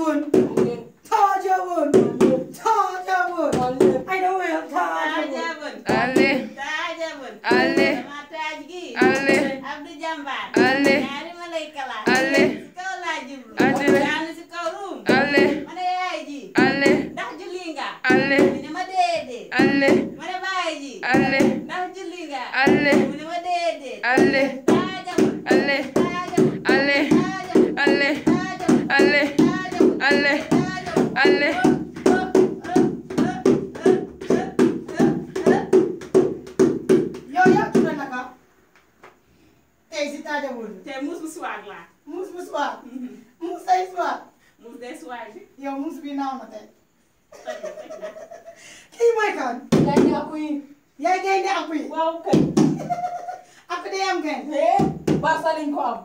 Tacavun. Tacavun. Tacavun. I know him. Tacavun. Ali. Tacavun. Ali. Matajgi. Ali. Abdu Jambar. Ali. Nari Malaikala. Ali. Sekolah jumlah. Ali. Jangan sekorum. Ali. Mana yaji. Ali. Dah julinga. Ali. Mana madede. Ali. Mana baiji. Ali. Dah julinga. Ali. Mana madede. Ali. Tacavun. Ali. Ale, ale. tey si taaja wóor la. tey muus bu suwaar laa. muus bu suwaar. muus day suwaar. muus day suwaar ji. yow muus bi naaw na tey. kii mooy kan. yaa ngi akku yi. yaa ngi indi akku yi. waaw kay. akku day am kay. eh barsa lañ ko am.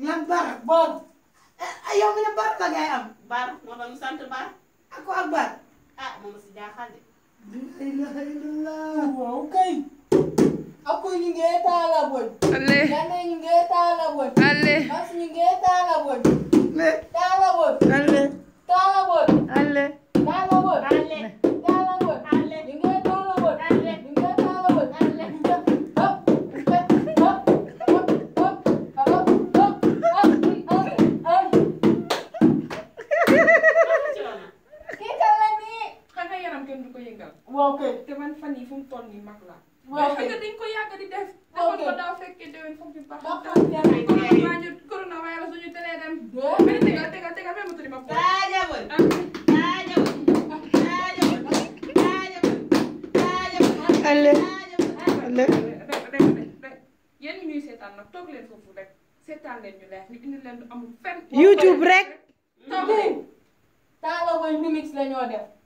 lan ah yow mi ne baar la am. baar moo tax ñu sant baar. ak ko ak baar. ah moom si jaaxal de. la taala bon. ale. yàlla ñu ngi taala bon. ale. ngi taala taala bon. ale. taala bon. ale. fegal waaw Fani te ni mak yi fu mu toll nii mag ko di def defoon ko daaw fekkee déwén foofu bi baax coronavirus coronavirus suñu tëlee dem benn tegal tegal tegal même tëri ma Allez. Allez. Yéen ñuy seetaan nag toog leen foofu rek seetaan leen ñu indi leen fenn. YouTube rek. toog leen. mimix la def.